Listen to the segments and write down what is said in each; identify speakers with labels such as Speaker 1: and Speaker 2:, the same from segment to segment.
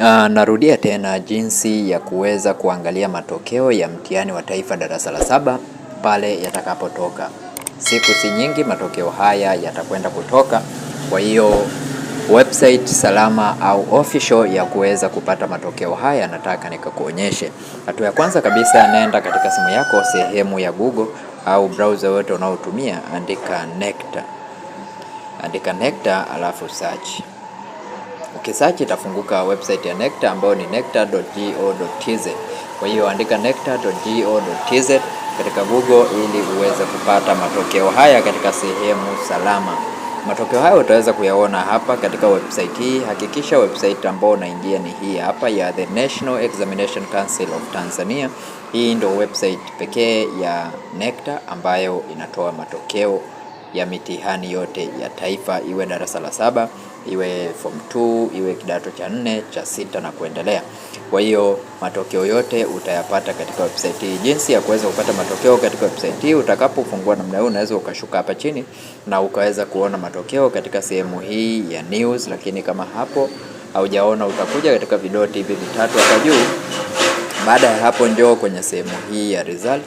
Speaker 1: Uh, narudia tena jinsi ya kuweza kuangalia matokeo ya mtihani wa taifa darasa la saba pale yatakapotoka. Siku si nyingi matokeo haya yatakwenda kutoka, kwa hiyo website salama au official ya kuweza kupata matokeo haya nataka nikakuonyeshe. Hatua ya kwanza kabisa, nenda katika simu yako sehemu ya Google au browser yote unaotumia, andika NECTA, andika NECTA alafu search kisachi itafunguka website ya Necta ambayo ni nectar.go.tz. Kwa hiyo andika nectar.go.tz katika Google ili uweze kupata matokeo haya katika sehemu salama. Matokeo hayo utaweza kuyaona hapa katika website hii. Hakikisha website ambayo unaingia ni hii hapa ya The National Examination Council of Tanzania. Hii ndio website pekee ya Necta ambayo inatoa matokeo ya mitihani yote ya taifa, iwe darasa la saba, iwe form 2, iwe kidato cha nne, cha sita na kuendelea. Kwa hiyo matokeo yote utayapata katika website hii. Jinsi ya kuweza kupata matokeo katika website hii, utakapofungua namna hiyo, unaweza ukashuka hapa chini na ukaweza kuona matokeo katika sehemu hii ya news, lakini kama hapo haujaona utakuja katika vidoti hivi vitatu hapa juu. Baada ya hapo, njoo kwenye sehemu hii ya result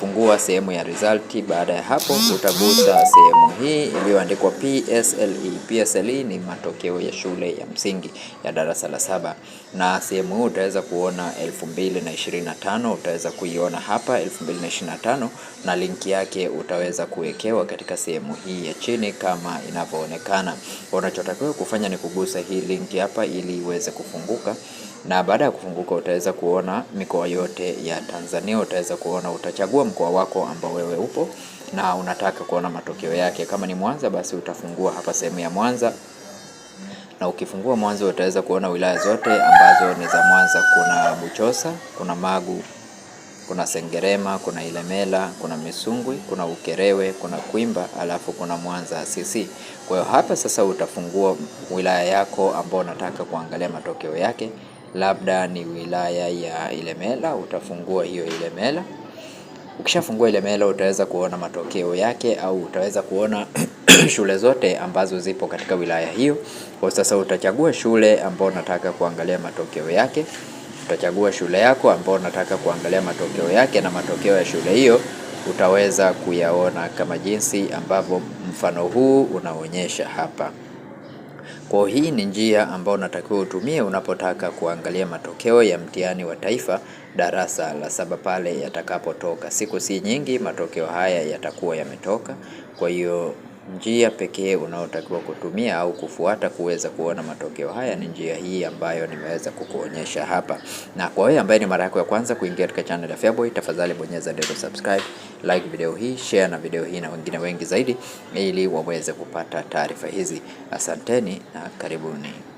Speaker 1: Fungua sehemu ya result. Baada ya hapo, utagusa sehemu hii iliyoandikwa PSLE. PSLE ni matokeo ya shule ya msingi ya darasa la saba, na sehemu hii utaweza kuona 2025 utaweza kuiona hapa 2025, na linki yake utaweza kuwekewa katika sehemu hii ya chini kama inavyoonekana. Unachotakiwa kufanya ni kugusa hii linki hapa ili iweze kufunguka na baada ya kufunguka utaweza kuona mikoa yote ya Tanzania, utaweza kuona utachagua utachagua mkoa wako ambao wewe upo na unataka kuona matokeo yake. Kama ni Mwanza, basi utafungua hapa sehemu ya Mwanza na ukifungua Mwanza utaweza kuona wilaya zote ambazo ni za Mwanza. Kuna Buchosa, kuna Magu, kuna Sengerema, kuna Ilemela, kuna Misungwi, kuna Ukerewe, kuna Kwimba, alafu kuna Mwanza CC. Kwa hiyo hapa sasa utafungua wilaya yako ambao unataka kuangalia matokeo yake. Labda ni wilaya ya Ilemela, utafungua hiyo Ilemela. Ukishafungua ile mela utaweza kuona matokeo yake au utaweza kuona shule zote ambazo zipo katika wilaya hiyo. Kwa sasa utachagua shule ambayo unataka kuangalia matokeo yake, utachagua shule yako ambayo unataka kuangalia matokeo yake, na matokeo ya shule hiyo utaweza kuyaona kama jinsi ambavyo mfano huu unaonyesha hapa. Kwa hii ni njia ambayo unatakiwa utumie unapotaka kuangalia matokeo ya mtihani wa taifa darasa la saba pale yatakapotoka. Siku si nyingi matokeo haya yatakuwa yametoka. Kwa hiyo Njia pekee unaotakiwa kutumia au kufuata kuweza kuona matokeo haya ni njia hii ambayo nimeweza kukuonyesha hapa. Na kwa wewe ambaye ni mara yako ya kwanza kuingia katika channel ya FEABOY, tafadhali bonyeza neno subscribe, like video hii, share na video hii na wengine wengi zaidi, ili waweze kupata taarifa hizi. Asanteni na karibuni.